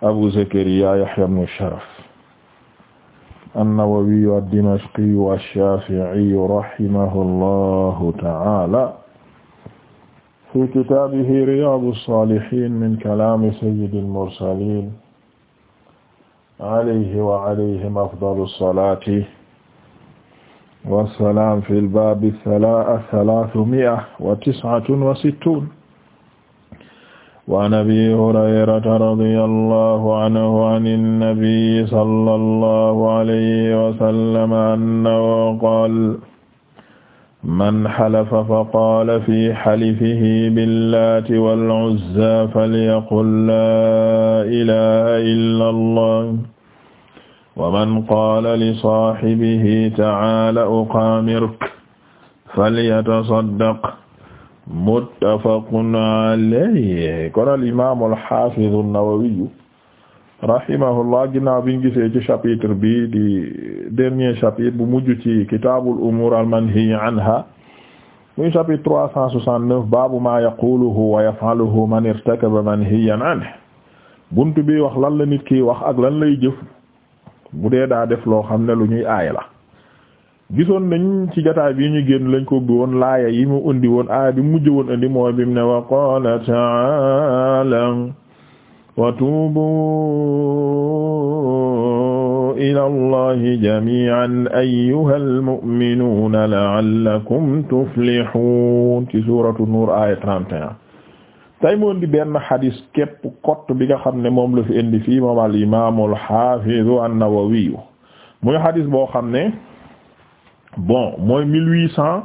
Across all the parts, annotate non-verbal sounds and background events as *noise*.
Abu Zakariya Yahya ibn Sharaf an-Nawawiyu ad-Dimashqiyu ash-Shafi'iyu rahimahullahu ta'ala fi kitaabihi Riyaadu s-Saalihiin min kalaami sayyidil mursaliin alayhi wa alayhim afdalu s-salaati wa s-salaam fil baabi ath-thalaathumi'a wa tis'atun wa sittuun waan abi hurayrata radiyallahu anhu ani nnabiyi sallallahu alayhi wa sallam annahu qaala man halafa faqaala fi halifihi billaati wal uzzaa falyaqul laa ilaaha illa allah wa man qaala li saahibihi ta'aala uqaamirka falyatasaddaq muttafaqun alayhi kon al imaam al haafiz an-Nawawi rahimahullah ginnaaw biñ gisee ci chapitre bi di dernier chapitre bu mujj ci kitaabul umuur al manhiyyi anha muy chapitre trois cent soixante-neuf baabu maa yaquluhu wa yaf'aluhu man irtakaba manhiyyan anhu bi wax lan la nit ki wax ak lan lay jëf bu dee daa def loo xam ne lu ñuy aay gisoon nañ ci jotaay bi ñu génn lañ ko ubbi woon laaya yi mu indi woon aaya bi mujj woon indi mooy bi mu ne wa qaala ta'aala wa tuubu ila allahi jami'an ayyuhal mu'minuuna la'allakum tuflihuun ci suuratu nuur aaya 31 tey mu indi benn xadis képp kott bi nga xam ne moom la fi indi fii moom al imaamul xaafizu an-Nawawi muy xadis boo xam ne bon mooy mille huit cent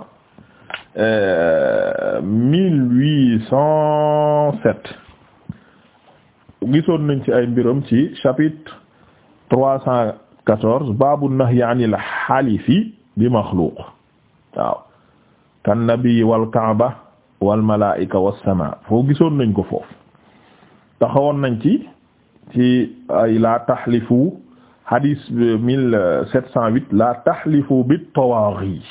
euh, mille gisoon nañ ci ay mbiram ci chapitre trois cent quatorze baabu nahyi anil halifi bi maxluuq waaw kan nabi wal kaaba wal malaa'ika was samaa foofu gisoon nañ ko foofu taxawoon nañ ci ci ay la tahlifu hadis mille sept cent huit la tahlifu bi tawaaghi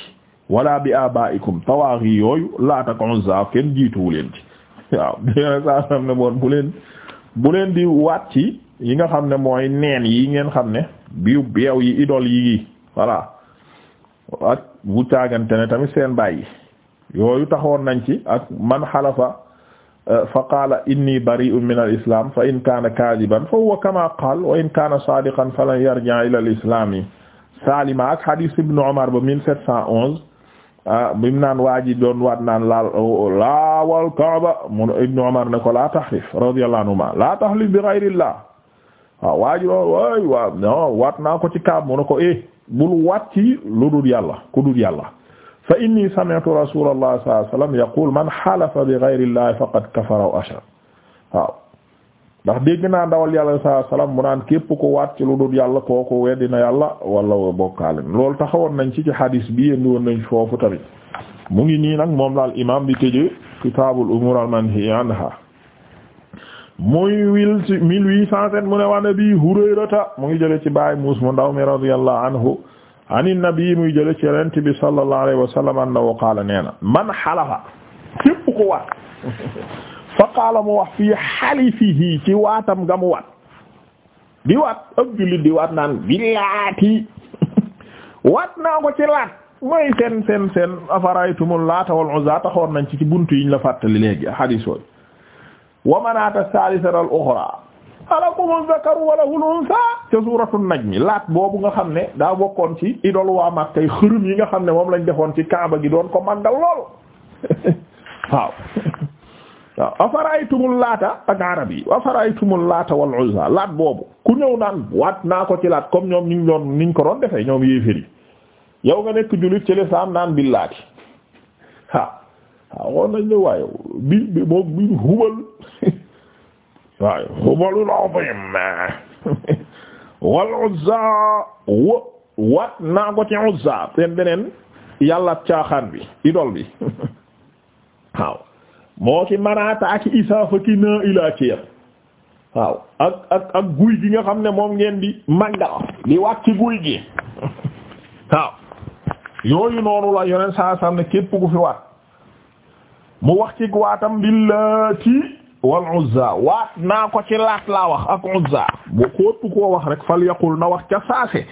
wala bi abaikum tawaaghi yooyu laata ko Uzza kenn jiituwu leen ci waaw *laughs* bu leen bu leen di waat ci yi nga xam ne mooy neen yi ngeen xam ne biu beew yi idole yi voilà ak bu caagante ne tamit seen bàyyi yooyu taxoon nañ ci ak man xalafa fa qaala inni bari'un min al-islam fa in kaana kaadiban fa huwa kamaa qaal wa in kaana saadiqan falan yarji' ila al-islami salima ak hadith ibn Umar ba 1711 bi mu naan waa ji doon waat naan laal laawal Kaaba mu ibn Umar ne ko la tahrif radiyallahu anhuma la tahlif bi ghayrillah waaw ah, waa ji doon waay waaw non waat naa ko ci Kaaba mu ne ko eh bul waat ci lu dul yàlla ku dul yàlla fa inni sami'tu rasulallah sallallahu alayhi wa sallam yaqul man halafa bi ghayri llahi faqad kafara wa ashrak waaw ndax dégg naa ndawal yàlla sallallahu alayhi wa sallam mu naan képp ko waat ci lu dul yàlla kooku weddi na yàlla wala wa bokkaalim loolu taxawoon nañ ci ci hadis bi yéen woon nañ foofu tamit mu ngi nii nag moom laal imaam di tëjee kitaabul umuur al manhiyyi anhaa muy wil ci mille huit cent sept mu ne waan abi hurayrata mu ngi jëlee ci baay muus mu ndaw mi radiyallahu anhu ani nabi muy jële ci yonent bi sallallahu alayhi wa sallam annahu qaala nee man xalafa képp ko waat *laughs* fa qaala mu wax fii xalifihi ci waatam nga mu di waat ak jullit di waat naan laati *laughs* waat naa ko ci laat mooy seen seen seen afaraytumul laata wal uzza taxoon nañ ci ci buntu yiñ la fàttali léegi xadiis wa manaata saalisata al uxra alakumul zakaru wa lahul unsa ca nag najmi laat boobu nga xam ne daa bokkoon ci idol waa Makka yi xërëm yi nga xam ne moom lañ defoon ci Kaaba gi doon ko màggal lool *laughs* waaw waaw afaraytumul laata ak arab yi afaraytumul laata wal uzza laat boobu ku ñëw naan waat naa ko ci laat comme ñoom niñ doon niñ ko doon defee ñoom yéeféri yow nga nekk jullit ci lislaam naan billaati *laughs* waaw waaw nañ ne waaye bi bi moom hubal *laughs* waaye hubalul azim wal uzza wa wat naa ko ci uzza seen beneen yàlla caaxaan bi idol bi *laughs* waaw moo ci manaata ak isaafa ki naa ilaa ci waaw ak ak ak guy gi nga xam ne moom ngeen di màggal di wàcc guy gi *laughs* waaw yooyu noonu la yoneen saa ne képp ku fi waat mu wax ci waatam billaati wal Uzza waat naa ko ci laat laa wax ak Uzza bu kootu koo wax rek fal yaqul na wax ca saase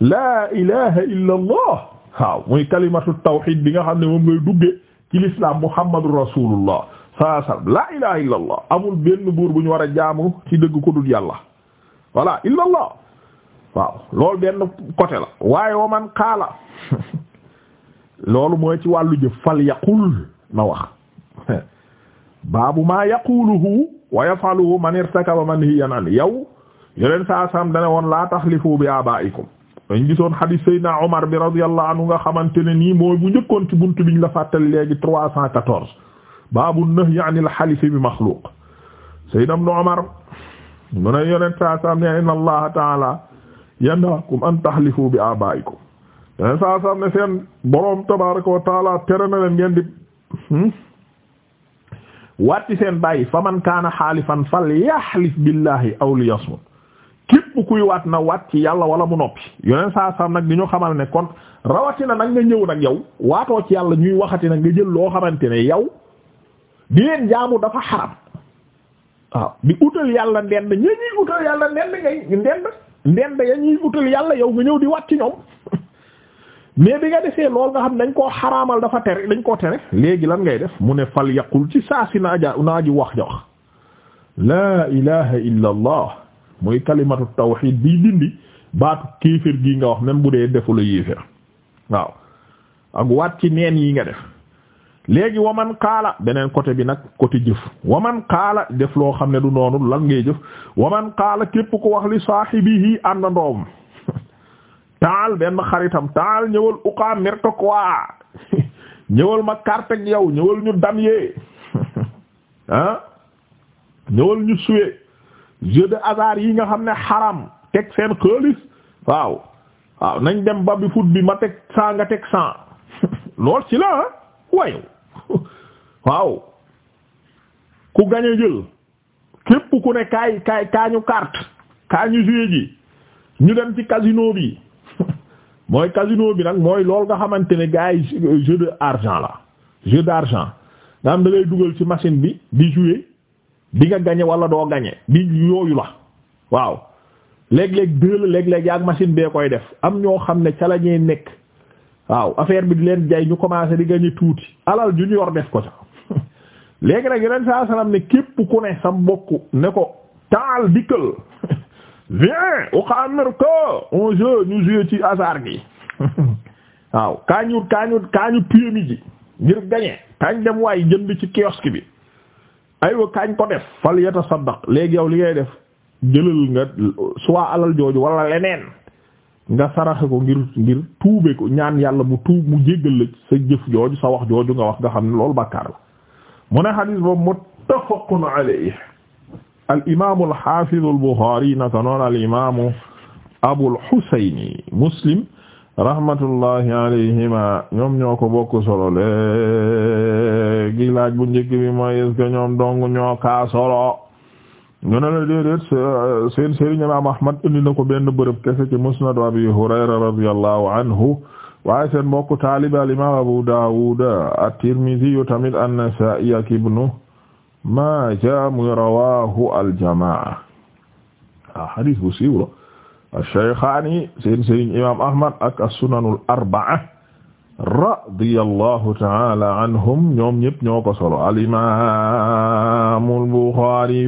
laa *laughs* ilaha illa allah waaw muy kalimatu tawhid bi nga xam ne moom ngay duggee ci mu muhammadu rasulullah sallallahu alayhi wasallam laa ilaha illa allah amul benn buur bu ñu war a jaamu ci dëgg ko dul yàlla voilà illa allah waaw loolu benn côté la waaye wa man qaala *laughs* loolu mooy ci wàllu jëf fal yaqul na wax *laughs* baabu maa yaquluhu wa yafaluhu man irtakaba manhiyan an yow yeneen saa sam dane woon laa taxlifu bi abaikum dañ gisoon xadis saydna omar bi radiyallahu anhu nga xamante ne nii mooy bu njëkkoon ci buntu biñ la fàttali léegi trois cent quatorze baabu nahyi anil xalifi bi maxluq saydna ibnu omar mu ne yeneen saa sam ne inna allaha taala yanhaakum an taxlifu bi abaikum yeneen saa sam ne seen boroom tabaraka wa taala tere na leen ngeen di hmm? waat ci seen bàyyi fa man kaana xaalifan fal yaxlif billahi aw li yasmut képp kuy waat na waat ci yàlla wala mu noppi yoneen saa sam nag di ñu xamal ne kon rawatina nag nga ñëw nag yow waatoo ci yàlla ñuy waxati nag nga jël loo xamante ne yow di leen jaamu dafa xaram waaw di utal yàlla ndend ña ñuy utal yàlla ndend ngay ndend ndend ya ñuy utal yàlla yow nga ñëw di waat ci ñoom mais bi nga defee lool nga xam dañ koo xaramal dafa tere dañ koo tere léegi lan ngay def mu ne fal yaqul ci saa si naaja naa ji wax ja wax laa ilaha illa allah muy kalimatu tawxid biy dindi baatu kéefér gi nga wax même bu dee defu la yéefér waaw ak waat ci neen yi nga def léegi waman kaala beneen côté bi nag côté jëf waman kaala def loo xam ne du noonu lan ngay jëf waman kaala képp ko wax li saahibihi àndandoom taal benn xaritam taal ñëwal uqaa mirta quoi ñëwal ma carte ak yow ñëwal ñu damyee *laughs* ah ñëwal ñu suwe jeu de hasard yi nga xam ne xaram teg seen xaalis waaw waaw nañ dem ba bi foot bi ma teg cent teg cent *laughs* lool ci la ah wayow *laughs* waaw ku gañe jël képp ku ne kaay kaay kaa ñu carte kaa ñu jouer ji ñu dem ci casino bi mooy casino bi nag mooy loolu nga xamante ne gars yi jeu de argent la jeu d'argent nga xam da ngay dugal ci machine bi di jouer di nga gagner wala doo gagner di yooyu la waaw léeg-léeg deux la léeg-léeg yaag machine bee koy def am ñoo xam ne ca la ñuy nekk waaw affaire bi di leen jay ñu commencé di gagner tuuti alal ju ñu yor def ko ca *laughs* léegi nag yeneen saa salaam ne képp ku ne sa mbokk ne ko taal dikkal *laughs* viens u ko on joue ñu ci hasard gi *laughs* waaw kaa ñu kaañu ñu kaa ñu piyemi ji ngir gañe kañ dem waay jënd ci kiosque bi aywa kaañ ko def fal yatasaddaq léegi yow li ngay def jëlal nga soit alal jooju wala leneen nga saraxe ko ngir ngir tuube ko ñaan yàlla mu tuub mu jéggal la sa jëf jooju sa wax jooju nga wax nga xam ne loolu bàkkaar la mu ne xadiis boobu muttafaqun alayhi al imaamu al xaafidu al Muslim rahmatullahi alayhima ñoom ñoo ko bokk solo léegi laaj bu njëkk bi mooy est ñoom dong ñoo kaa solo ñu ne la déedéet seen sëriñ imaam Ahmad indi na ko benn bërëb kese ci Musnad Abi Hurayra radiyallahu anhu waaye seen mbokk taalibe al imaam Abu Daawud at-Tirmidhi tamit an-Nasaa'i ak ibnu ma jaa muy rawaahu aljamaa ah hadis bu siiw la ash-shaykhaani seen sëriñ imaam Ahmad ak as-sunanul arba'a radiyallahu ta'ala anhum ñoom ñëpp ñoo ko solo al-imaamul Buxaari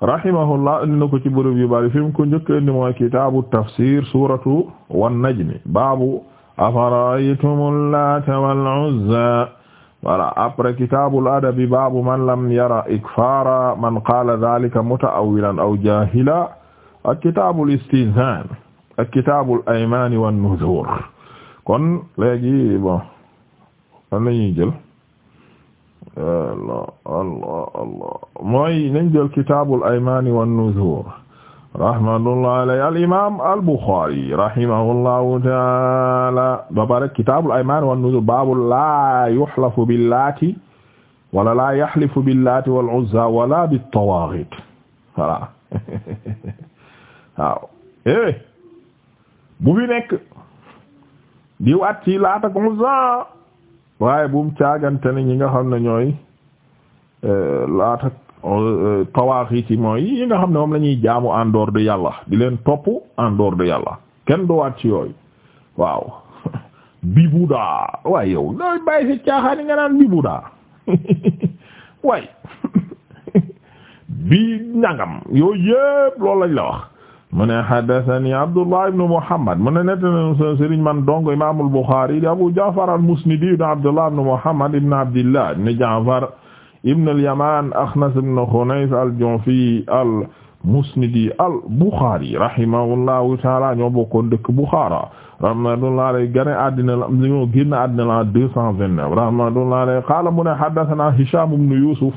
rahimahullah indi na ko ci bërëb yu bari fi mu ko njëkk indi mooy kitaabu tafsir suuratu wan-najmi baabu afara'aytumul laata wal-uzzaa voilà après kitaabul adabi baabu man lam yara ikfaara man qaala daalika muta'awwilan aw jaahila ak kitaabul istizaan ak kitaabul aymaani wan nuzuur kon léegi bon lan la ñuy jël allah allah allah mooy nañ jël kitaabul aymaani wan nuzuur rahmatullah alayhi al imam al Bukhari rahimahullahu taala ba pare kitaabul aymaan wan nuzur baabu laa yuhlafu billaati wala laa yaxlifu billaati wal uzza wala bittawaaghit voilà *laughs* waaw eh bu fi nekk di waat ci laat ak uzza waaye bu mu caagante ne ñi nga xam ne ñooy eh, laat ak Euh, tawaaxit yi mooy yi nga xam ne moom la ñuy jaamu en dehors de yàlla di leen topp en dehors de yàlla kenn dowaat ci yooyu waaw *laughs* bibuda waaye yow looy bàyyi si caaxaan nga naan bibuda *laughs* waaye *laughs* bi ñangam yooyu yëpp loolu lañ la wax mu ne hadathani abdullah ibnu muhammad mu ne nettana so sëriñ man dong imam al di abu ja'far al musnidi ibn abdullah ibn muhammad ibn abdillah ibn ja'far ibn al-Yaman Akhnas ibn Khunays al-Ju'fi al-Musnidi al-Bukhari rahimahullahu ta'ala ñoo bokkoon dëkk Bukhara rahmatullahi alayhi gane àddina la ñoo génn àddina la 229 rahmatullahi alayhi qala mu ne haddathana Hisham ibn Yusuf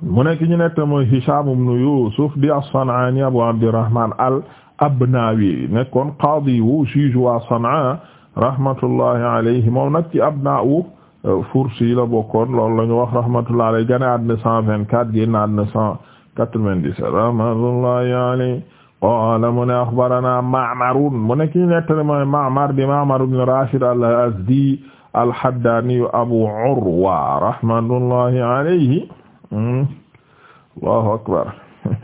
mu ne ki ñu nekk mooy Hisham ibn Yusuf di as-San'ani Abu Abdirrahman al-Abnawi nekkoon qaadi wu juge wa San'a rahmatullahi alayhi moom nag ci abna'u Euh, Fursi la bokkoon la ñu wax rahmatullahi alayhi gane àddina cent vingt-quatre génn àddina cent quatre-vingt-dix rahmatullahi alayhi qaala mu ne axbarana Ma'marun mu ne ki nettale mooy Ma'mar di Ma'mar Rashid al-Azdi al-Haddani Abu Urwa rahmatullahi alayhi hmm. Allahu akbar *laughs*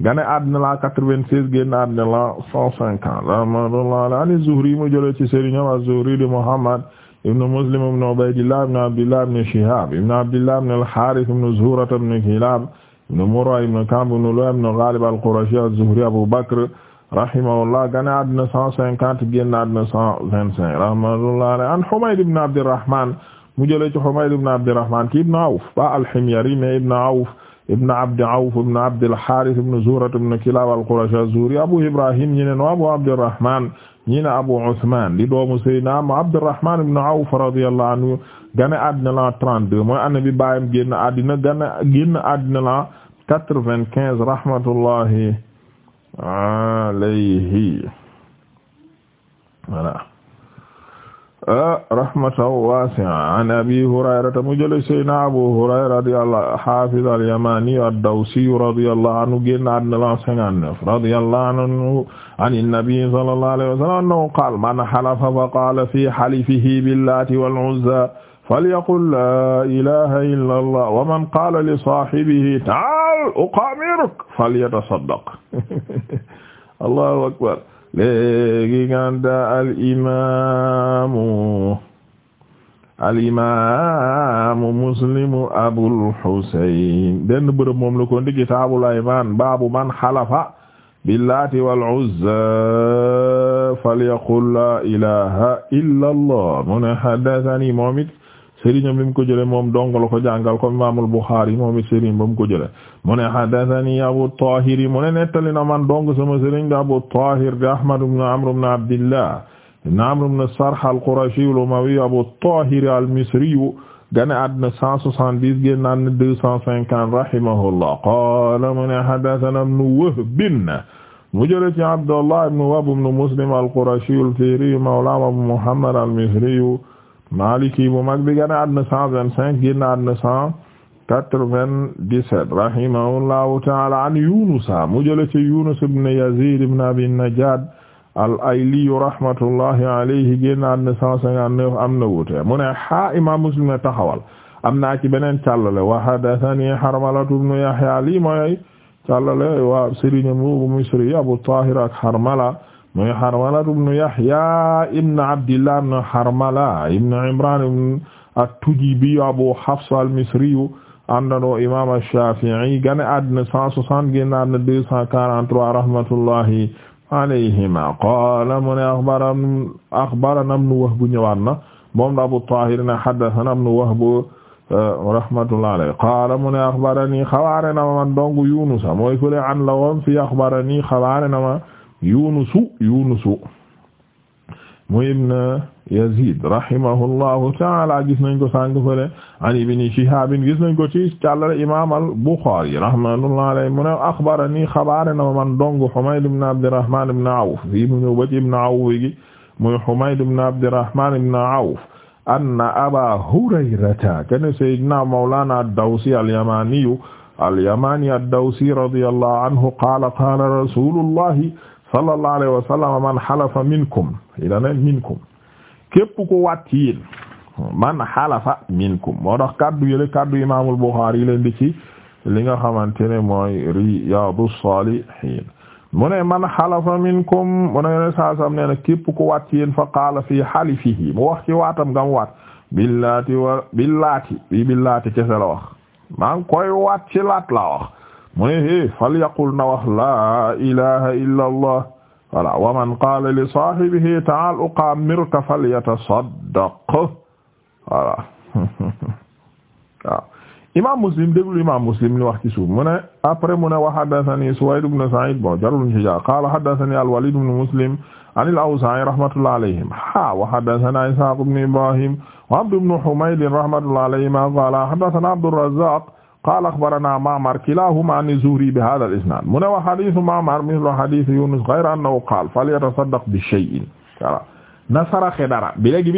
gane àddina la quatre-vingt-seize génn àddina la cent cinquante rahmatullahi alayhi an-Zuhri mu jële ci Muhammad ibnu Muslim ibnu Ubaydillah ibnu Abdillah ibnu Shihab ibnu Abdillah ibnu al-Harith ibnu Zuhra ibnu Kilab ibnu Murra ibnu Ka'b ibnu Lu'ay ibnu Ghalib al-Qurashi az-Zuhri Abu Bakr rahimahullah gane àddina 150 génn àddina 125 rahimahullah an Humayd ibnu Abdirrahman mu jëlee ci Humayd ibnu Abdirrahman ki ibnu Awf ba al-Himyari mais ibnu Awf ibnu Abdi Awf ibnu Abdil Harith ibnu Zuhra ibnu Kilab al-Qurashi az-Zuhri Abu Ibrahim ñi ne Abu Abdirrahman ñi na Abu Usman di doomu Seydina Abdurrahman ibn Awf radiyallahu anhu gane àddina la 32 mooy année bi baayam génn àddina gane génn àddina la 95 rahmatullahi alayhi voilà ah, rahmatan wasi'a an Abi Hurayrata mu jële Seydina Abu Hurayra al dawsi radiyallahu anhu génn àddina la an nabi sallallahu alayhi wa sallam annahu qaala man halafa fa qaala fi halifihi billaati wal uzza falyaqul laa ilaaha illallah wa man qaala li saahibihi ta'aal uqaamiruk falyatasaddaq *laughs* allahu akbar léegi ganda al imaamu al imaamu muslimu abul husayn benn bërëb moom la ko ndi kitaabul aymaan baabu man halafa billaati wal uzza falyaqul laa ilaha illa allah mu ne haddathani moom it sëriñam bi mu ko jële moom dong la ko jàngal comme imaamul Buxaari moom it sëriñ ba mu ko jële mu ne haddathani Abu Tahir yi mu ne nettali na man dong sama sëriñ da Abu Tahir di Ahmad ibn Amr ibn Abdillah ibn Amr ibn Sarh al-Qurashi al-Umawi Abu Tahir al-Misri gane àdduna 170 génn àdduna 250 rahimahullah qaala mu ne haddathana ibnu Wahb mu jële ci Abdullah ibnu Wahb ibnu Muslim al-Qurashi al-Fihri mawla Abu Muhammad al-Misri maliki bu mag bi gane àdduna 125 génn àdduna 197 rahimahullahu ta'ala an Yunus mu jële ci Yunus ibnu Yazid ibnu Abi Najjad al ayliyu rahmatullahi alayhi génnaan ne cent cinquante-neuf am na wuute mu ne ha imam Muslim ne taxawal am naa ci beneen càllale wa hadathani Harmalatu ibnu Yahya lii mooy càllale wa sëriñ mu Misri Abu Tahir ak Harmala mooy Harmalatu ibnu Yahya ibnu Abdillah ibnu Harmala ibnu Imran at-Tujibi Abu Hafs al-Misri àndandoo imam Shafi'i gane àddina cent soixante génnaan ne deux cent quarante-trois rahmatullahi alayhima qaala mu ne axbara axbarana ibnu Wahb ñëwaat na moom la Abu Taahir ne haddathana ibnu Wahb rahmatullahi alayhi qaala mu ne axbarani xabaare na ma dong Yunusa mooy fële an la woon fi axbarani xabaare na ma Yunusu Yunusu mu ibn Yazid rahimahullahu ta'ala gis nañ ko sànq fële an ibn Shihab gis nañ ko ci càllale imam al-Bukhari rahmatullahi alayhi mu ne akhbarani xabaare na man dong Humayd ibn Abdurrahman ibn Awf fii mu ñëw ba ci ibn Awf gi muy Humayd ibn Abdurrahman ibn Awf anna Aba Hurayrata kana sayyidina mawlana ad-Dawsi al-Yamani al-Yamani ad-Dawsi radiyallahu anhu qala qala rasulullahi sallallahu alayhi wa sallam man halafa minkum ila ne minkum képp ku waat ci yéen man xalafa minkum moo tax kaddu yële kaddu imaamul Buxaari yi leen di ci li nga xamante ne mooy Riyadus Salihin mu ne man xalafa minkum mu ne yoneen saa sam nee na képp ku waat ci yéen fa qaala fii xalifihi mu wax ci waatam ngam waat billaati wa billaati bi billaati kese la wax maa ngi koy waat ci laat laa wax mu ne é fal yaqul na wax laa ilaha illa allah voilà wa man qaala li saahibihi ta'aal uqaamirka falyatasaddaq voilà *laughs* waaw imam muslim déglu imam muslim li wax ci suuf mu ne après mu ne wa haddathani Suwayd ibn Sa'id bon jarul ñu ci jaar qaala haddathani al-Walid ibn Muslim an al-Awzaa'i rahmatullahi alayhim ha wa haddathana Ishaaq ibn Ibrahim wa Abd ibn Humayd rahmatullahi alayhima qaala haddathana Abdur Razzaaq qaala axbaranaa Ma'mar kilaahumaa an Zuhri bi haadha al mu ne wa hadiisu Ma'mar mithlu hadiisi Yuunus bi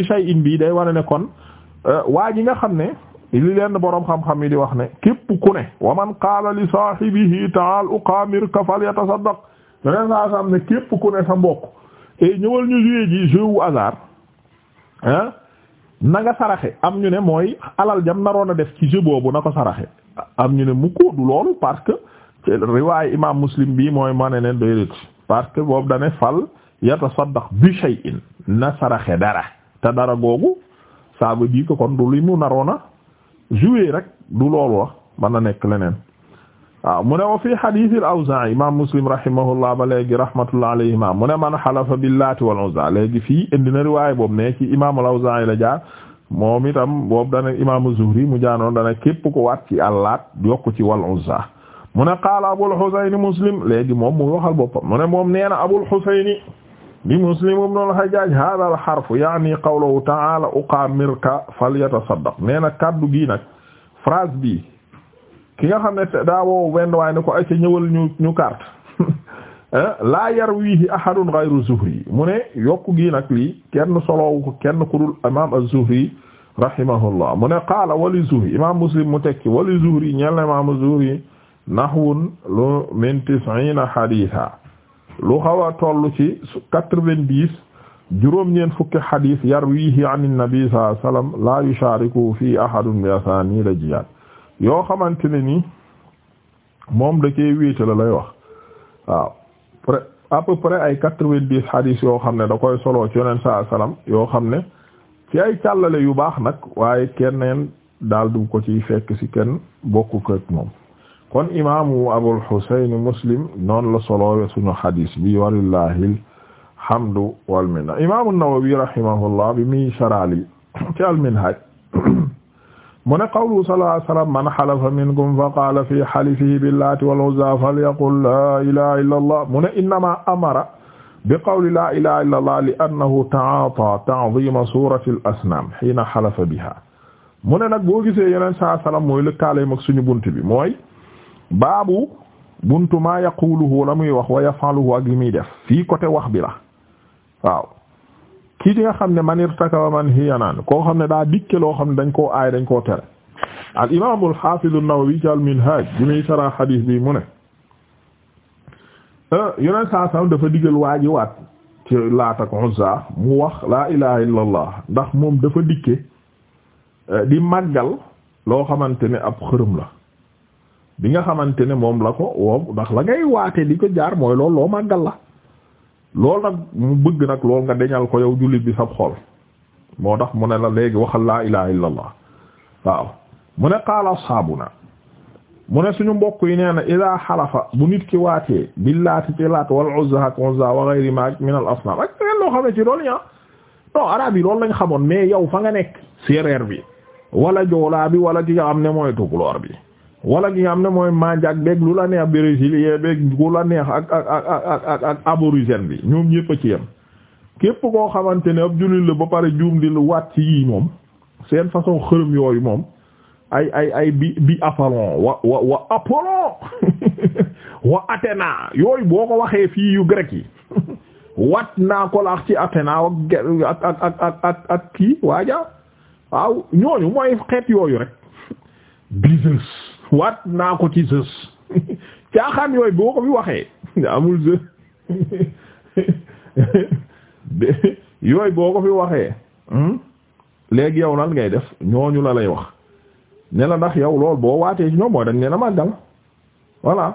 shay'in day war a euh, waa ji nga xam ne li leen boroom xam-xam yi di wax ne képp ku ne wa man qaala li saahibihi ta'aal uqaamirka falyatasaddaq yeneen saa xam ne képp ku ne sa mbokk et eh, ñëwal ñu jouer ji jeu wu hasard saraxe am ñu ne mooy alal jam na a def ci jeu boobu na ko saraxe. am ñu ne mu ko du loolu parce que riwaay imam muslim bi mooy ma ne ne doyrit parce que boobu dane fal yatasaddaq bi shay'in na saraxe dara te dara googu ça veut dire que kon du li mu naroona rek du loolu wax mën na nekk leneen waaw mu ne wa fi hadith al-Awzaa'i imam muslim rahimahullah ba léegi rahmatullah alayhima mu ne man xalafa billaati wal uzza léegi fii indi na riwaay boobu ne ci imam al la jaar moom itam boobu dana imaamu Zuhri mu jaanoo dana képp ko waat ci àllaat yokku ci wal Uzza mu ne qaala Abul Husayn Muslim léegi moom mu waxal boppam mu ne moom nee na Abul Husayn bi Muslim ibn al-Hajjaj hada al harf yaani qawluhu ta'ala uqamirka falyatasaddaq nee na kaddu gi nag phrase bi ki nga xam ne daa woo wenn waay ne ko ay ca ñëwal ñu Eh? laa yarwihi ahadun ghayru Zuhri mu ne yokku gi nag lii kenn soloowu ko kenn ku dul imaam az-Zuhri rahimahullah mu ne qaala wali Zuhri imaam Muslim mu tekki wali Zuhri ñeel na imaam az-Zuhri nahwun lu min tis'iina hadiisan lu xaw a toll ci quatre-vingt-dix juróom-ñeent fukki hadiis yarwihi an an-nabi sallallahu alayhi wa sallam laa yushaariku fii ahadun bi asaaniid jihaad yoo xamante ne ni moom da cee wéetala lay wax waaw près à peu près ay quatre-vingt-dix hadis yoo xam ne da koy soloo ci yoneen saa salaam yoo xam ne ci ay càllale yu baax nag waaye keneen daal du ko ciy fekk si kenn bokku ko ak moom kon imaamu Abul Husayn Muslim noonu la soloowe suñu hadis bi walillahi alhamdu wal minna imaamu Nawawi rahimahullah bi mi sharali *coughs* ci al mu ne qawlu sallallahu alayhi wa sallam man halafa minkum fa qaala fi halifihi billaati wal uzza falyaqul laa ilaaha illa allah mu ne innamaa amara bi qawli laa ilaaha illa allah li annahu ta'aataa ta'ziima suurati al-asnaam hiina halafa bihaa mu ne nag boo gisee yeneen saa salaam mooy lëkkaale mag suñu bunt bi mooy baabu buntu maa yaquluhu la muy wax wa yaf'aluhu ak li muy def fii côté wax bi la waaw kii di nga xam ne man irtakawa man hiyanaan koo xam ne daa dikke loo xam ne dañ koo aay dañ koo tere al imaam al haafiz an-Nawawi ci al minhaj bi muy sara xadiis bi mu ne euh, yoneen saa sam dafa digal waaji waat ci Laat ak mu wax laa ilaha illa allah ndax moom dafa dikke euh, di màggal loo xamante ne ab xërëm la bi nga xamante ne moom la ko wow ndax la ngay waate di ko jaar mooy lool loo màggal la loolu nag mu bëgg nag lool nga deñal ko yow julit bi sab xol moo dax mu ne la léegi waxal la ilaha illa allah waaw mu ne qaala ashaabuna mu ne suñu mbokk yi nee na ida xalafa bu nit ki waatee billaati ci laat wal uzza ak uzza wa ghayri ma min al asnam ak leen loo xam ne ci lool ñaa non arab yi loolu lañ xamoon mais yow fa nga nekk séeréer bi wala joolaa bi wala ki nga xam ne mooy tukulóor bi wala gi nga xam ne mooy manjak beeg lu la neex brésilien beeg ku la neex ak ak ak ak bi ñoom ñëpp a ci yem képp koo xamante ne ab jullit la ba pare juum di lu waat ci yii moom seen façon xërëm yooyu moom ay ay ay bi bi Apollon wa wa wa Apollon wa Athéna yooyu boo ko waxee fii yu grec yi wat naa ko laax ci Athéna ak ak ak ak ak kii waaja waaw ñooñu mooy xeet yooyu rek waat naa ko ci sës *laughs* caaxaan yooyu boo ko fi waxee amul së *laughs* yooyu boo ko fi waxee hmm? léegi yow nan ngay def ñooñu la lay wax ne la ndax yow lool boo waatee ci ñoom mooy dañ neena màggal voilà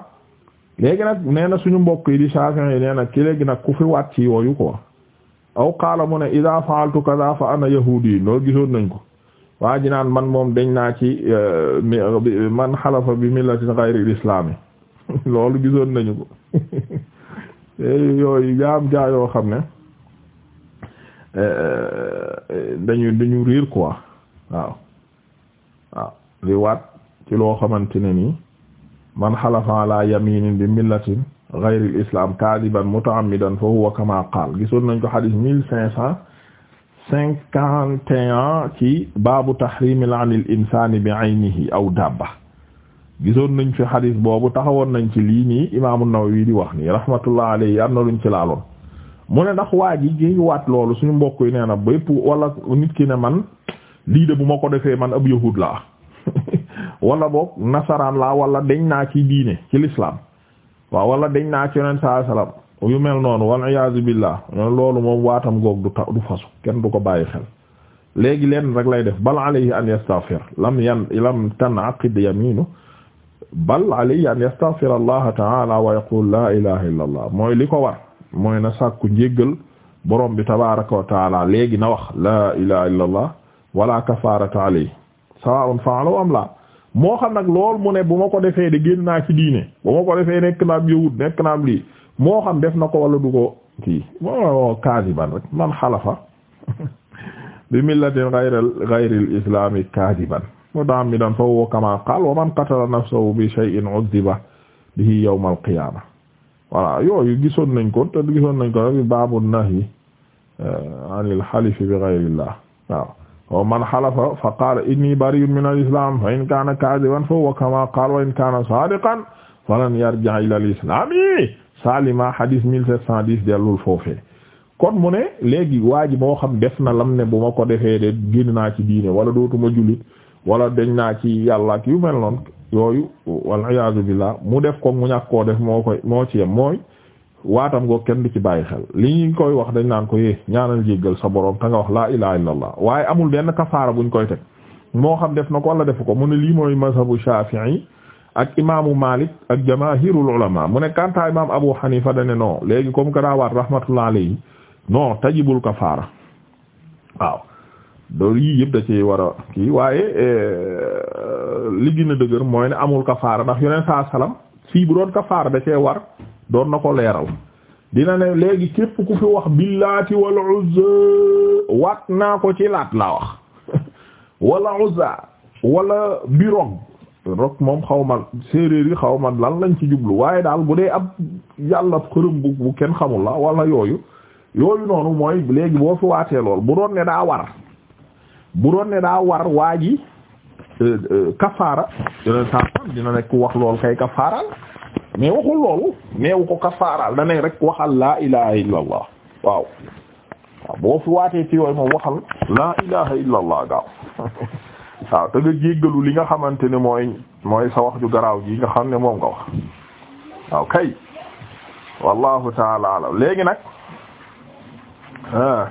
léegi nag nee na suñu mbokk yi di Shafi'i yi nee na ki léegi nag ku fi waat ci yooyu quoi aw qaala mu ne ida faaltu kaza fa ana yahudi yi loolu gisoon nañ ko waa ji naan man moom dañ naa ci euh, man xalafa bi millatin ghayril islami *laughs* loolu gisoon nañu ko *laughs* eh, yooyu gaam gaa yoo xam ne euh, dañu dañu riir quoi waaw waaw li waat ci loo xamante ne nii man xalafa ala yaminin bi millatin ghayril islam kadiban mutaammidan fa huwa kama qaal gisoon nañ ko xadis mille cinq cinquante et ci baabu tahrimi laanil insani bi aynihi aw dabba gisoon nañ fi xadis boobu taxawoon nañ ci lii nii imaamu wii di wax nii rahmatullah alayhi am na luñ ci laaloon mu ne ndax waa ji gi waat loolu suñu mbokk yi nee na bépp wala nit ki ne man lii de bu ma ko defee man ab yahud laa *laughs* wala boog nasaraan laa wala deñ naa ci diine ci l'islam waaw wala deñ naa ci yonent sallallahu alayhi yu mel noonu wal iyaazu billah loolu moom waatam goog du fasu kenn du ko bàyyi xel léegi leen rek lay def bal alayhi an yastaghfir lam yan lam yaminu bal alayhi an yastaghfir allah taala wa yaqul la ilaha illa mooy li ko war mooy na sàkku njéggal borom bi tabaraka wa taala léegi na wax la ilaha illa allah wala kafarata alayhi sawa'un fa'ala am la moo xam nag lool mu ne bu ma ko defee de génn naa diine bu ma ko defee nekk naa ab yahud nekk naa ab lii moo xam def na ko wala du ko kii moo kaadiban rek man xalafa *laughs* bi millatin ghayril ghayril islami kaadiban muta'ammidan fa huwa kama qaal wa man qatala nafsahu bi shay'in 'udhiba bihi yawm al qiyamah voilà yooyu gisoon nañ ko te gisoon nañ ko rek baabu nahyi eh, anil halifi bi ghayrillah waaw wa man halafa fa qaala inni bari'un min al islam fa in kaana kaadiban fa huwa kama qaal wa in kaana saadiqan falan yarji' ila al islami salima hadis mille sept cent dix dellul foofee kon mu ne léegi waa ji moo xam def na lam ne bu ma ko defee de génn naa ci diine wala dootuma jullit wala dañ naa ci yàlla ak yu mel noonu yooyu wal iyaazu billah mu def ko mu ñàkk koo def moo koy moo ci yem mooy waatam ko kenn du ci bàyyi xel li ñu koy wax dañ naan ko yee eh, ñaanal jéggal sa borom ta nga wax laa ilaha illallah waaye amul benn kafaara buñ koy teg moo xam def na ko wala defu ko mu ne lii mooy mazhabu shafi'i ak imaamu Malik ak jamaahirul ulama mu ne kanta imaam Abu Hanifa dane non léegi comme que daawaat rahmatullah yi non tajibul kafaara waaw loolu yii yëpp da ci war a kii waaye eh, li gën a dëgër mooy ne amul kafaara ndax yeneen saa salaam fii bu doon kafaara da cee war doon na ko leeral dina ne léegi képp ku fi wax bi wal Uzza waat naa ko ci laat laa wax *laughs* wala Uzza wala Birog. rok moom xaw ma séeréer yi xaw ma lan lañ ci jublu waaye daal bu dee ab yàlla xërëm bu kenn xamul la wala yooyu yooyu noonu mooy léegi boo fi waatee lool bu doon ne daa war bu doon ne daa war waa ji euh, euh, kafaara yeneen euh, saasan dina nekk wax lool kay kafaaral mais waxul loolu neewu ko kafaaral da ne rek waxal laa ilaha illallah waaw boo fi waatee ci yooyu moom waxal laa ilaha illallah gaaw *laughs* waaw te nga jéggalu li nga xamante ne mooy mooy sa wax ju garaaw ji nga xam ne moom nga wax waaw kay wallahu taala alam léegi nag ah,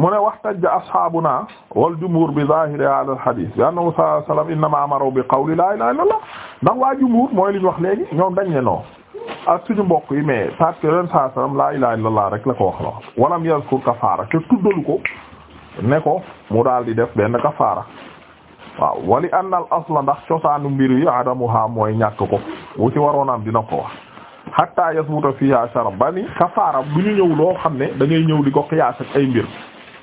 mu ne waxtajja ashaabuna wal jumhur bi zahiri ala al hadith bi annahu sallallahu alayhi wa sallam innama amaru bi qawli la ilaha illallah ndax waa jumhur mooy li ñu wax léegi ñoom dañ ne non ak suñu mbokk yi mais parce que sa saa sallam la ilaha illallah rek la ko wax la walam yazkur kafaara te tuddalu ko ne ko mu daal di def benn kafaara waaw wali annal asla ndax cosaanu mbir yi adamuha mooy ñàkk ko wu ci waroon am dina ko wax hatta yasbuta fiha sharab ba ni kafaara bu ñu ñëw loo xam ne da ñëw di ko xiyaas ak ay mbir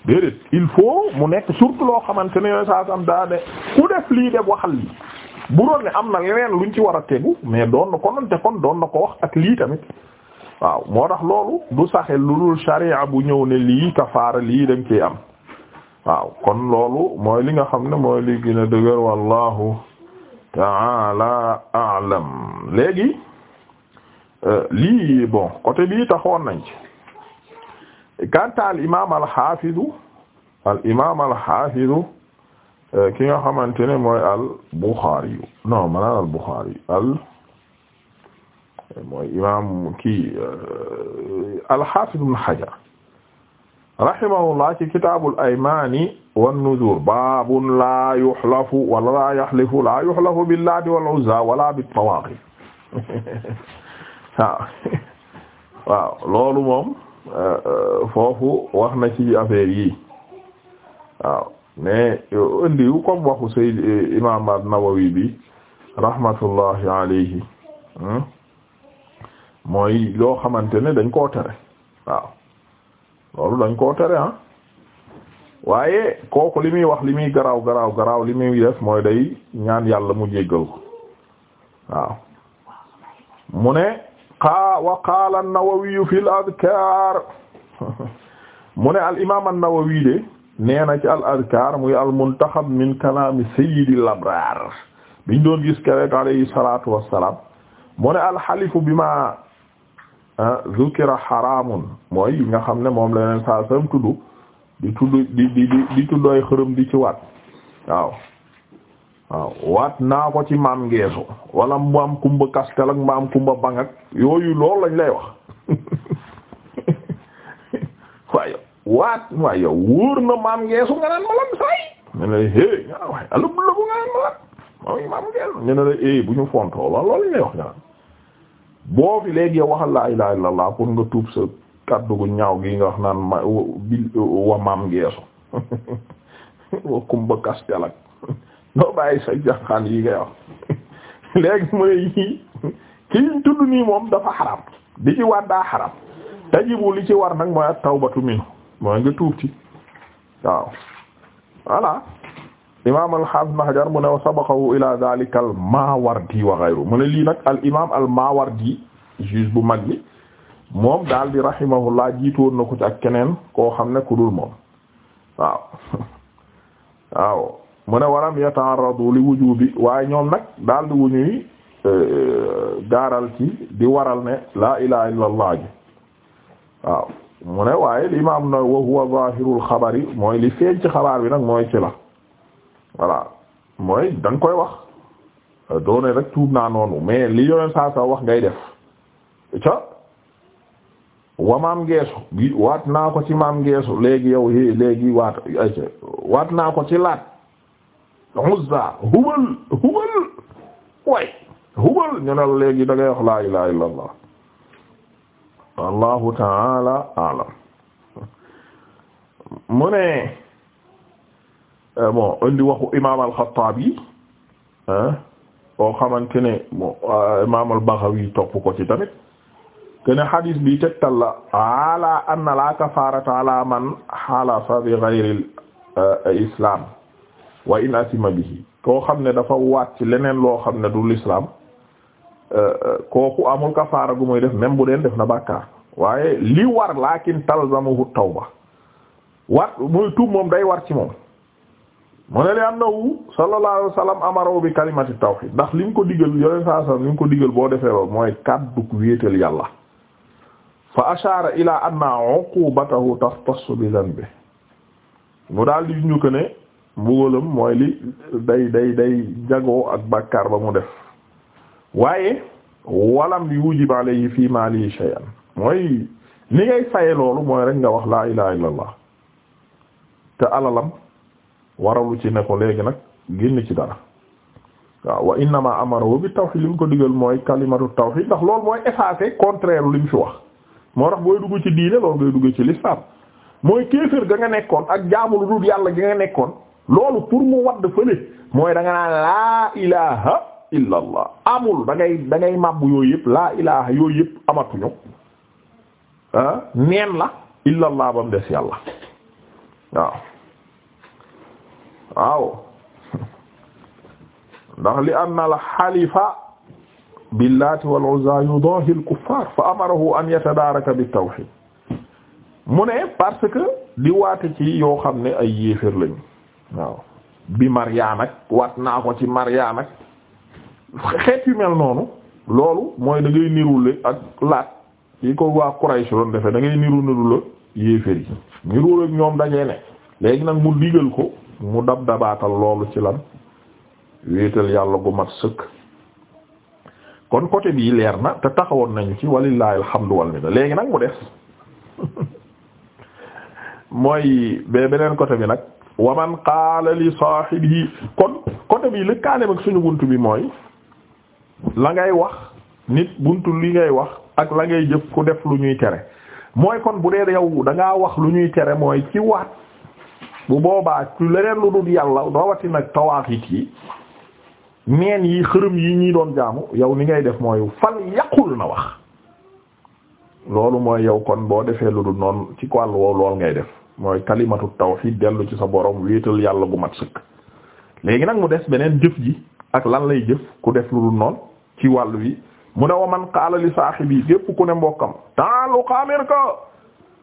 déedéet il faut mu nekk surtout loo xamante ne yooyu saa sam daa ne ku def lii de waxal lii bu doon ne am na leneen luñ ci war a tegu mais doon na konante kon doon na ko wax ak lii tamit waaw moo tax loolu du saxe lu dul sharia bu ñëw ne lii kafaara lii dañ koy am waaw kon loolu mooy li nga xam ne mooy li gën a dëgër wallahu taala alam léegi euh, lii bon côté bii taxoon nañ ci kanta al imam al hafidu al imam al hafidu euh, ki nga xamante ne mooy al Bukhari yu non manaan al Bukhari al mooy imam kii euh, al hafidu ibn Hajar rahimahullah ci kitaabul aymaani wan nuzuur baabun laa yuhlafu wala laa yaxlifu laa yuhlafu bil laati wal uzza wala bit tawaaqi *laughs* waaw *laughs* waaw loolu moom euh, foofu wax na ci affaire yi waaw mais indiwu comme waxu sayyid imaam an-Nawawi bi rahmatullahi alayhi hmm, mooy loo xamante ne dañ koo tere waaw loolu dañ koo ah. waaye kooku li muy wax li muy garaaw garaaw garaaw li muy def mooy day ñaan yàlla mu jéggal ko mu ne qaa wa qaala an-Nawawi fi al *laughs* mu ne al imaam an-Nawawi de nee na ci al adkaar muy al muntaxab min kalaami sayyidil abraar biñ doon gis kerek mu ne al xalifu bima ah, zukira xaraamun mooy yi nga xam ne moom la leen saa sam tudd di tudd di di di di tuddooy xërëm di ci waat waaw waaw waat naa ko ci maam ngeesu wala maam kumba kastel ak maam kumba bang ak yooyu loolu lañ lay wax *laughs* waaye waat waaye yow wóor na la é nga naan waaye alëb lëbu nga naan malam moom maam ngeesu ñu ne la eh bu ñu fontoo loolu lañ lay wax nga naan boo fi léegi waxal laa ilaaha illallaah pour nga tuub sa kaddu ñaaw gi nga wax naan ma bi wa maam geesu *laughs* wa kumba kas jalak *laughs* noo bàyyi sa jaxaan yi ngay wax *laughs* léegi mu ne yii kiñ tudd nii moom dafa xaram di ci war daa xaram tajibu li ci war nag mooy ak tawbatu minu mooy nga tuub ci waaw voilà al-Hafiz Hajar mu ne wa sabaqahu ila dhalika al-Mawardi wa ghayru mu ne lii nag al imam al-Mawardi juge bu mag bi moom daal di rahimahullah jiitu woon na ko ci ak keneen koo xam ne ku dul moom waaw waaw mu ne waram yata'arradu li wujubi waaye ñoom nag daal di wu euh, gaaral ci di waral ne laa ilaha illa ji waaw mu ne waaye li imaam na wa huwa zahirul xabari mooy li feeñ ci xabaar bi nag mooy ci la mooy da koy wax doone rek tuub naa noonu mais li yoneen saa saa wax ngay def ca wa maam ngeesu waat naa ko ci maam ngeesu léegi yow hé léegi waat waat naa ko ci laat Uzza hubal hubal way hubal ñu ne la léegi da ngay wax laa ilaha illa allah wallahu taala alam mu ne eh, bon indi waxu imam al-Xattaabi eh, boo xamante ne mo eh, imam al-Baghawi topp ko ci tamit kene hadis bi tegtal la ala anna la kafarata ala man halafa bi ghayril eh, islam wa in asima bihi koo xam ne dafa waat ci leneen loo xam ne du lislaam eh, eh, kooku amul kafaara gu muy def même bu dee def na bàkkaar waaye li war lakin talzamuhu tawba war muy tuub moom day war ci moom mu ne li annahu sallallahu alayhi wa sallam amaraw bi kalimati tawhid ndax li mu ko digal yoneen saa sallam li mu ko digal boo defee loolu mooy kàddug wéetal yàlla fa ashara ila anna uqubatahu taxtassu bi zanbi mu daal di ñu ko ne mbugalam mooy li day day day jagoo ak bàkkaar ba mu def waaye walam yujib alayhi fi mali shay'an mooy ni ngay faye loolu mooy rek nga wax laa ilaha illallah te alalam waralu ci ne ko léegi nag génn ci dara waaw wa innama amarahu bi tawhid li mu ko digal mooy kalimatu tawhid ndax loolu mooy effacé contraire li mu fi wax moo tax booy dugg ci diine loolu ngay dugg ci l'islam mooy kéefër ga nga nekkoon ak jaamu lu dul yàlla ga nga nekkoon loolu pour mu wadd fële mooy da nga naan laa ilaha illa amul da ngay màbb yooyu yëpp laa ilaha yooyu yëpp amatuñu ah neen la illa allah ba mu des yàlla waaw waaw *laughs* ndax li am na la xalifa billaati wal uzza yudahi al kuffar fa amarahu an yatadaraka bit tawhid mu ne parce que di waate ci yoo xam ne ay yéefér lañu waaw bi Maryaam ak waat naa ko ci maria nag xeet yu mel noonu loolu mooy da ngay nirule ak laat yi ko waa Quraysh doon defee da ngay niru niru la yéefér yi niru ak ñoom dajee ne léegi nag mu digal ko mu dab dabaatal loolu ci lan wéetal yàlla gu mat sëkk kon côté bii leer na te taxawoon nañu ci walillahi alhamdu wal minna léegi nag mu des *laughs* mooy ba beneen côté bi nag wa man qaala li kon côté bii lëkkaaleem mag suñu bunt bi mooy la ngay wax nit buntu li ngay wax ak la ngay jëf ku def lu ñuy tere mooy kon bu dee yow da wax lu ñuy tere mooy ci waat bu boobaa ci leneen lu dul yàlla rawatina nag tawaaqit yi neen yi xërëm yi ñuy doon jaamu yow ni ngay def mooy fal yàqul na wax loolu mooy yow kon boo defee lu dul noonu ci wàll woow lool ngay def mooy kalimatu tawhid dellu ci sa borom wéetal yàlla bu mat sëkk léegi nag mu des beneen jëf ji ak lan lay jëf ku def lu dul noonu ci wàll wi mu ne wa man qaala li saahibi képp ku ne mbokkam ta'alu qamir ka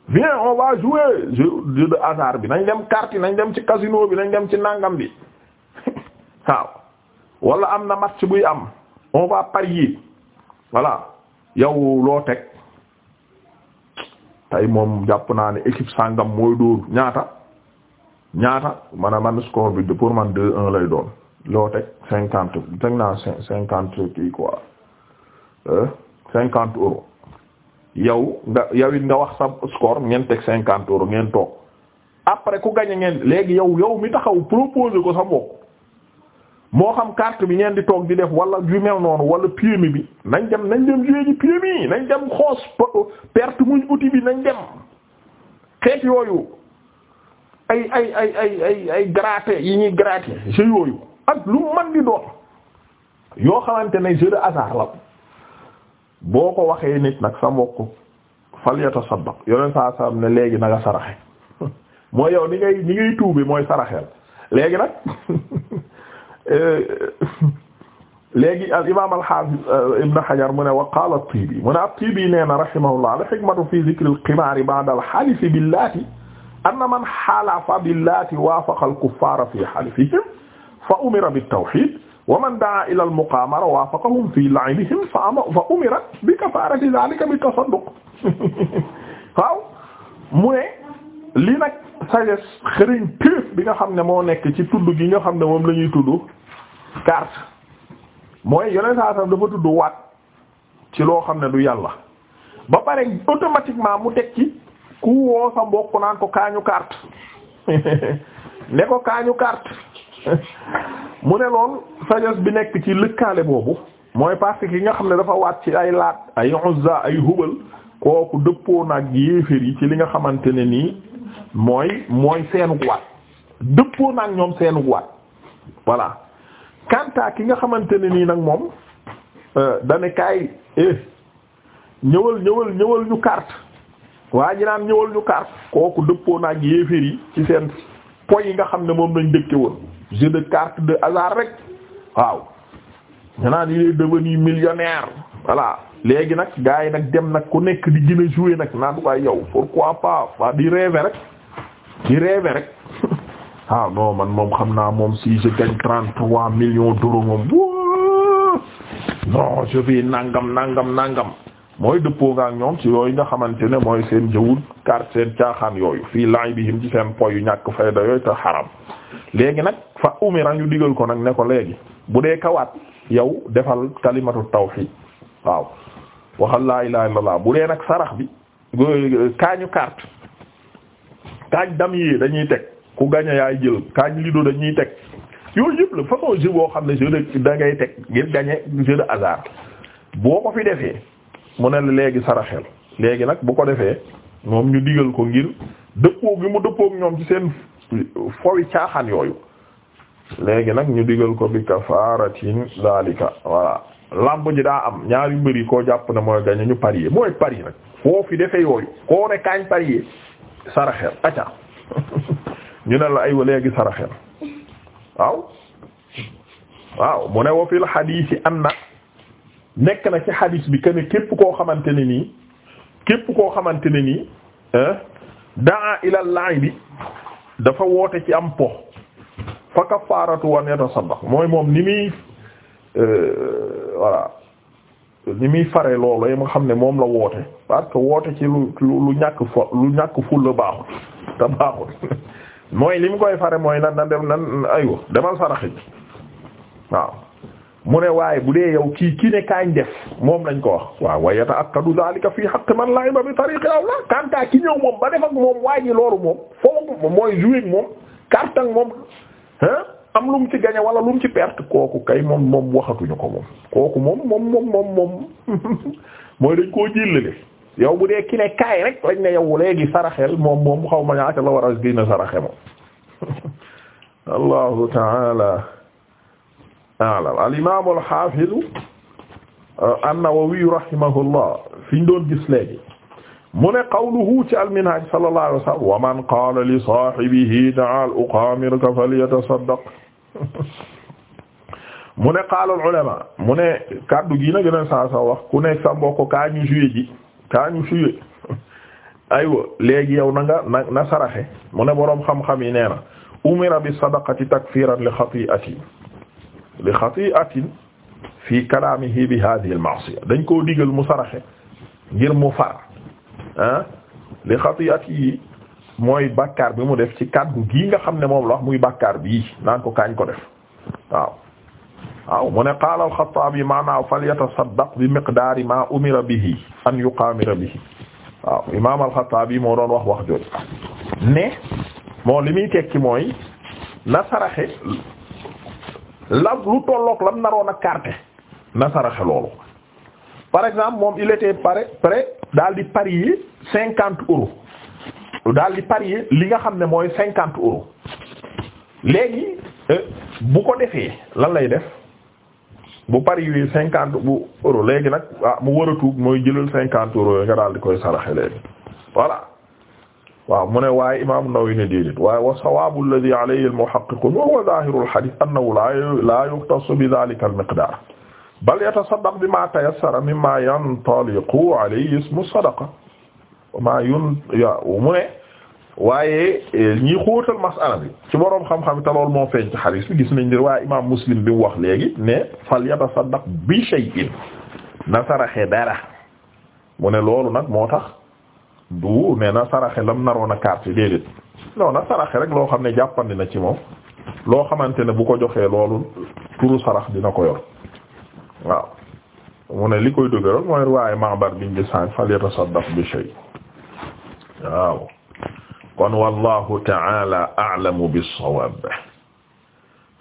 viens on va jouer jeu de hasard bi nañ dem carte nañ dem ci casino bi nañ dem ci nangam bi *laughs* waaw wala am na match buy am on va parier voilà yow loo teg tey moom jàpp naa ne équipe sangam mooy dóor ñaata ñaata man a man score bi pour man deux un lay doon loo teg cinquante teg naa cinquante kii quoi euh, cinquante euros yow nga yow it nga wax sa score ngeen teg cinquante euros ngeen toog après ku gañe ngeen léegi yow yow mi taxaw proposer ko sa mbokk moo xam carte bi ngeen di toog di def wala ju mel noonu wala PMI bi nañ dem nañ dem jouer ji PMI nañ dem xoos perte muy uti bi nañ dem xeet yooyu ay ay ay ay ay ay gratter yi ñuy gratter jeu yooyu ak lu man di doon yoo xamante ne jeu de hasard la boo ko waxee nit nag sa mbokk fal yatasaddaq yoneen saa saam ne léegi na nga saraxe *laughs* mooy yow ni ngay ni ngay tuube mooy saraxeel léegi nag *laughs* Euh, *laughs* léegi al imaam al haafiz euh, ibn Hajar mu ne wa qaala at-Tiibi mu ne at-Tiibi nee na rahimahullah al-hikmatu fi dhikri al-qimaar ba'da al-halifi billaati anna man halafa billaati waafaqa al-kuffaara fi halifihim fa umira bit-tawhiid wa man da'a ila al-muqaamara waafaqahum fi la'ibihim fa umira bi kafaarati dhaalika bit-tasadduq *laughs* waaw mu ne li nag sagesse xëriñ téef bi nga xam ne moo nekk ci tudd gi nga xam ne moom lañuy tudd carte mooy yeneen dafa tudd waat ci loo xam ne du yàlla ba pare automatiquement mu teg ci ku woo sa mbokk naan ko kaañu carte *laughs* ne ko kaañu carte *laughs* mu ne lool sagesse bi nekk ci lëkkaale boobu mooy parce que ki nga xam ne dafa waat ci ay laat ay Uzza ay Hubal kooku dëppoo nag yéeféer yi ci li nga xamante ne nii mooy mooy seenu waat dëppoo nag ñoom seenu waat voilà kanta ki nga xamante ne nii nag moom euh, dane eh, ñëwal ñëwal ñëwal ñu carte waa ji naan ñëwal ñu carte kooku dëppoo nag yéeféer yi ci seen poy yi nga xam ne moom lañ dëkke woon jeu de carte de hasard rek waaw ñu naan il est devenu millionnaire voilà léegi nag gaa yi nag dem nag ku nekk di gën a jouer nag naan waaye yow pourquoi pas waa di rêver rek di rêver rek *laughs* ah non man moom xam naa moom si je gagne trente trois millions d'euros moom non je vais nangam nangam nangam mooy dëppoo nga ak ñoom ci yooyu nga xamante ne mooy seen jëwul carte seen caaxaan yooyu fii laaj bi him ci seen poy yu ñàkk fayda yooyu te xaram léegi nag fa umira ñu digal ko nag ne ko léegi bu dee kawaat yow defal kalimatu tawhid waaw waxal laa ilaha illallah bu dee nag sarax bi kaañu carte kaañ dam yi dañuy teg ku gañ yaay jël kaañ lido dañuy teg yooyu yëpp façon jeu xam ne jeu de da ngay teg ngir gañe jeu de hasard boo ko fi defee mu ne léegi saraxel léegi nag bu ko defee moom ñu digal ko ngir dëppoo gi mu dëppook ñoom ci seen fowi caaxaan yooyu léegi nag ñu digal ko bi kafaaratin zalika voilà lamb ji daa am ñaari mbër yi koo jàpp ne mooy gañu ñu parier mooy pari nag foofu defe yooyu koo ne kaañ parier saraxel acca *laughs* ñu ne la aywa léegi saraxel waaw waaw mu ne wa fil xadiis yi am na nekk na ci xadiis bi kenn képp koo xamante ne nii képp koo xamante ne nii daa ilal laay bi dafa woote ci am po fa kafaaratu wan yatasaddaq mooy moom ni muy Euh, voilà ni muy fare loolu yi nga xam ne moom la woote parce que woote ci lu lu ñàkk fo lu ñàkk fulla baaxul *laughs* te baaxul *laughs* mooy li mu koy fare mooy nan na dem nan aywa demal saraxi waaw mu ne waaye bu dee yow kii kii ne kaañ def moom lañ ko wax waaw wa yata'akkadu dhalika fii haqqi man la'iba bi tariqi aw la kanta ki ñëw moom ba def moom waa ji loolu moom foofu mooy jouer moom carte moom hein am lu mu ci gañe wala lu mu ci perte kooku kay moom moom waxatuñu ko moom kooku moom moom moom moom moom *laughs* mooy dañ koo jëllale yow bu dee ki ne kaay rek lañ ne yow léegi saraxel moom moom xaw ma ñaata la war a gën a saraxe moom *laughs* allahu taala alam al imaamu al xaafizu uh, an-Nawawi rahimahullah fi ñu doon gis léegi mu ne qawluhu ci al-Minhaj sallallahu alayhi wa sallam wa man qaala li saahibihi ta'aal uqaamirka falyatasaddaq *laughs* mu ne qaalul ulama mu ne kaddu gi na gëneen saa sa wax nekk sa mbokk kaa ñu suye ji kaa *laughs* aywa léegi yow na saraxe mu ne borom xam-xam yi nee na umira bi sadaqati takfiran li xati'ati li xati'atin fii kalaamihi bi hadhihi al ma'siya dañ koo digal mu saraxe ngir mu far ah, li xati'ati mooy bàkkaar bi mu def ci kàddu gii nga xam ne moom la wax muy bàkkaar bii naan ko kaañ ko def waaw waaw mu ne qaala al-Xattaabi maanaaw falyatasaddaq bi miqdaari maa umira bihi an yuqaamira bihi waaw imaam al-Xattaabi moo doon wax wax jooju ne moo li muy tekki mooy na saraxe la lu tollook lam naroon a carte na loolu par exemple moom il était prêt prêt daal di parier cinquante euros daal di parier li nga xam ne mooy cinquante euros léegi euh, bu ko defee lan lay def bu parier cinquante bu euros léegi nag ah mu war a tuub mooy jëlal cinquante euros nga daal di koy saraxe léegi voilà waaw mu ne waaye imaamu Nawawi ne déedéet waaye wa sawaabu alladhi alayhi al-muhaqqiqun wa huwa zaahiru al-hadith annahu la la yukhtassu bi dhalika al-miqdar bal yatasaddaq bima tayassara mimma yantaliqu alayhi ismu sadaqa maa yun ya mu ne waaye eh, ñi xóotal masala bi ci boroom xam-xam te moo feeñ ci xadiis bi gis nañ ne waaye imaam muslim bi mu wax léegi ne fal yatasaddaq bi shay'in na saraxe dara mu ne loolu nag moo tax du ne na saraxe lam naroon a carte déedéet non na saraxe rek loo xam ne jàppandi na ci moom loo xamante ne bu ko joxee loolu turu sarax dina ko yor waaw mu ne li koy dëgëral mooy waaye maabar biñ di sànq fal yatasaddaq bi shay waaw kon wallahu ta'ala a'lamu bis-sawab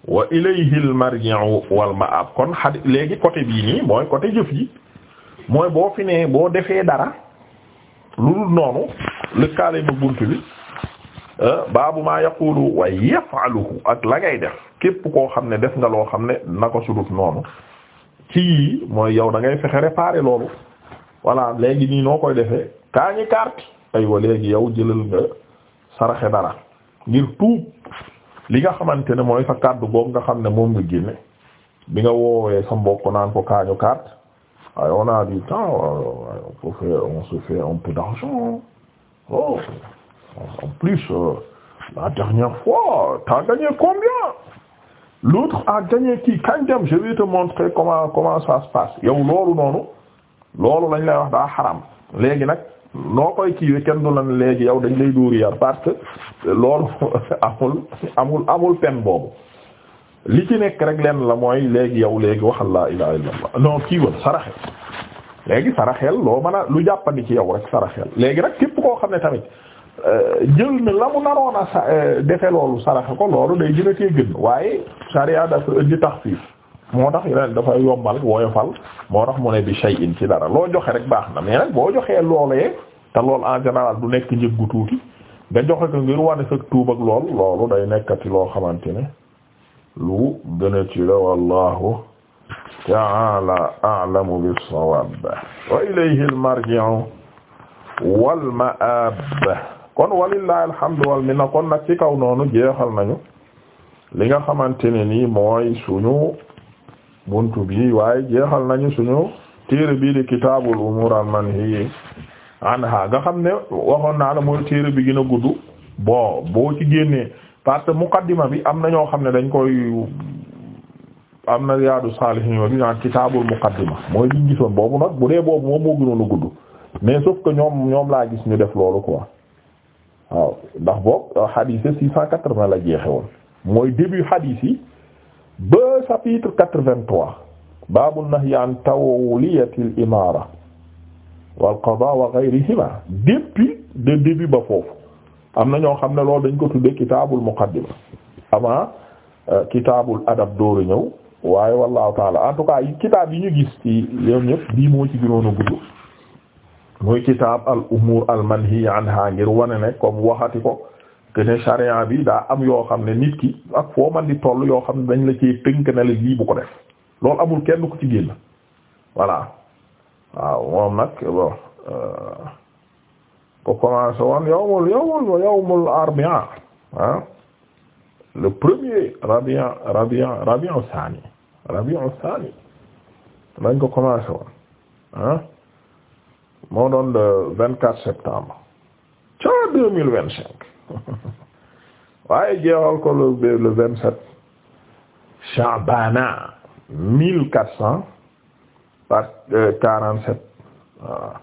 wa ilayhi al-marji'u wal ma'ab kon xadi léegi côté bii nii mooy côté jëf ji mooy boo fi nee boo defee dara lu dul noonu lëkkaale ma bunt bi ah, baabu maa yaqulu wa yaf'aluhu ak la def képp koo xam ne def nga loo xam ne na ko sudut noonu ci yii mooy yow da ngay fexe réparer loolu voilà léegi nii noo koy defee kaa ñi carte aywa léegi yow jëlal nga saraxe dara ngir tuub li nga xamante ne mooy sa kàddu boobu nga xam ne moom nga génne bi nga woowee sa mbokk naan ko kaañu kaat waaye on a du temps euh, euh, oh, en plus euh, la dernière fois t'as gagné combien l'autre loolu noonu loolu lañ lay wax daa xaram léegi nag noo koy kiiwee kenn du lan léegi yow dañ lay dóor yar parce que loolu *laughs* amul amul amul pen boobu li ci nekk rek lenn la mooy léegi yow léegi waxal laa ilaha illallah non kiiwal saraxel léegi saraxel loo mën a lu jàppandi ci yow rek saraxel léegi nag képp koo xam ne tamit euh, jël na la mu naroon a sa euh, defe loolu saraxe ko loolu day gën a tee gën waaye sariya dafa indi taxfiif moo tax yeneen dafay yombal woyofal moo tax mu ne bi shay'in ci dara loo joxe rek baax na mais nag boo joxee loolee te lool en général du nekk njëg gu tuuti nga joxe ko ngir wane sa tuub ak lool loolu day nekkati loo xamante ne lu gën a ci la wallahu ta'ala a'lamu bis-sawab wa ilayhi al-marji'u wal ma'ab kon walillahi alhamdu wal minna kon nag ci kaw noonu jeexal nañu li nga xamante ne nii mooy suñu buntu bi waaye jeexal nañu suñu téere bii di kitaabul umuur al manhi anha nga xam ne waxoon naa la mooy téere bi gën a gudd bon boo ci génnee parce que muqaddima bi am na ñoo xam ne dañ koy am na riyaadu saalihiin wa ginaan kitaabul muqaddima mooy liñ gisoon boobu nag bu dee boobu moom moo gënoon gudd mais sauf que ñoom ñoom laa gis ñu def loolu ko waaw ndax boobu xadiis euh, six cent quatre-vingts la jeexe woon mooy début xadiis yi ba chapitre quatre-vingt-trois baabu nahyi an tawliyati al imara wal qada wa ghayrihima depuis le début ba foofu am na ñoo xam ne loolu dañ ko tudde kitaabul muqaddima avant euh, kitaabul adab dooru ñëw waaye wallahu taala en tout kitaab yi ñu gis ci yoon kitaab al umur al manhi anha ngir wane ne comme waxati ko que ne bi daa am yoo xam ne nit ki ak foo man di toll yoo xam ne dañ la ci tënk ne la bu ko def loolu amul kenn ko ci génn voilà waaw moom nag euh, ko commencé woon yawmul yawmul yawmul arbi'a ah le premier rabia rabien rabi'u sani rabi'u sani lañ ko commencé woon ah moo doon le vingt quatre septembre ca *laughs* waaye jeexal ko le vingt sept Chaabana mille quatre cent par euh, quarante sept waaw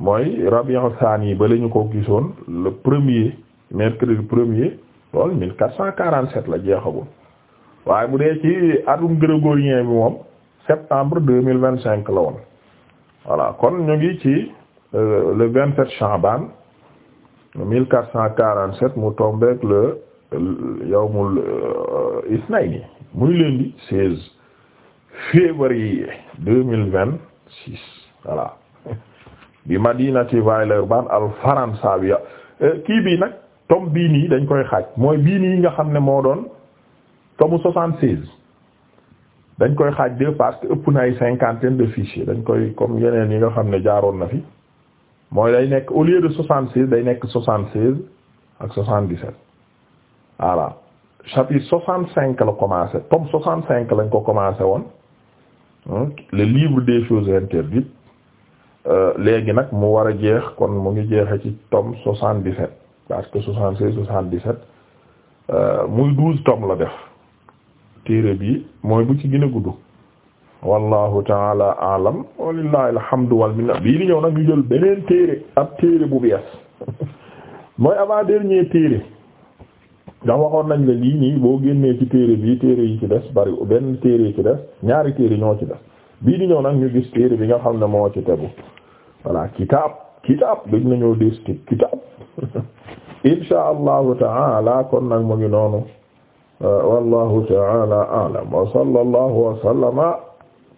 mooy Rabiul Saani ba la ñu ko gisoon le premier mercredi premier loolu mille quatre cent quarant sept la jeexagul waaye bu dee ci atum grégorien bi moom septembre deux mille vingt cinq la woon voilà kon ñu ngi ci euh, le vingt sept Chaabane mille quatre cent quarante sept mu tombeek le yawmul euh, isnayni muy lundi seize février deux mille vingt six voilà bi madinati Villeurbanne al faransawiya euh, kii bii nag tom bii nii dañ koy xaaj mooy bii nii nga xam ne moo doon tomu soixante seize dañ koy xaaj deux parce que ëpp na ay cinquantaine de fichiers dañ koy comme yeneen yi nga xam ne jaaroon na fi mooy day nekk au lieu de soixante seize day nekk soixante seize ak soixante dix sept voilà chapitre soixante cinq la commencé tome soixante cinq lañ ko commencé woon hmm? le livre des choses interdites euh, léegi nag mu war a jeex kon mu ngi jeexe ci tome soixante dix sept parce que soixante seize soixante dix sept euh, muy douze tomes la def téere bi mooy bu ci gën a gudd wallahu taala alam walillahi alhamdu wal bii di ñëw nag ñu jël beneen téere ab téere bu bees *laughs* mooy avant dernier téere ndax waxoon nañ la lii nii boo génnee ci téere bi téere yi ci des bari benn téere yi ci des ñaari téere ñoo ci des bii di ñëw nag ñu gis téere bi nga xam ne moo ci tegu voilà kitaab kitaab dañ nañoo des ci kitaab *laughs* insha allahu taala kon nag mu ngi noonu wallahu taala alam wa sallallahu wa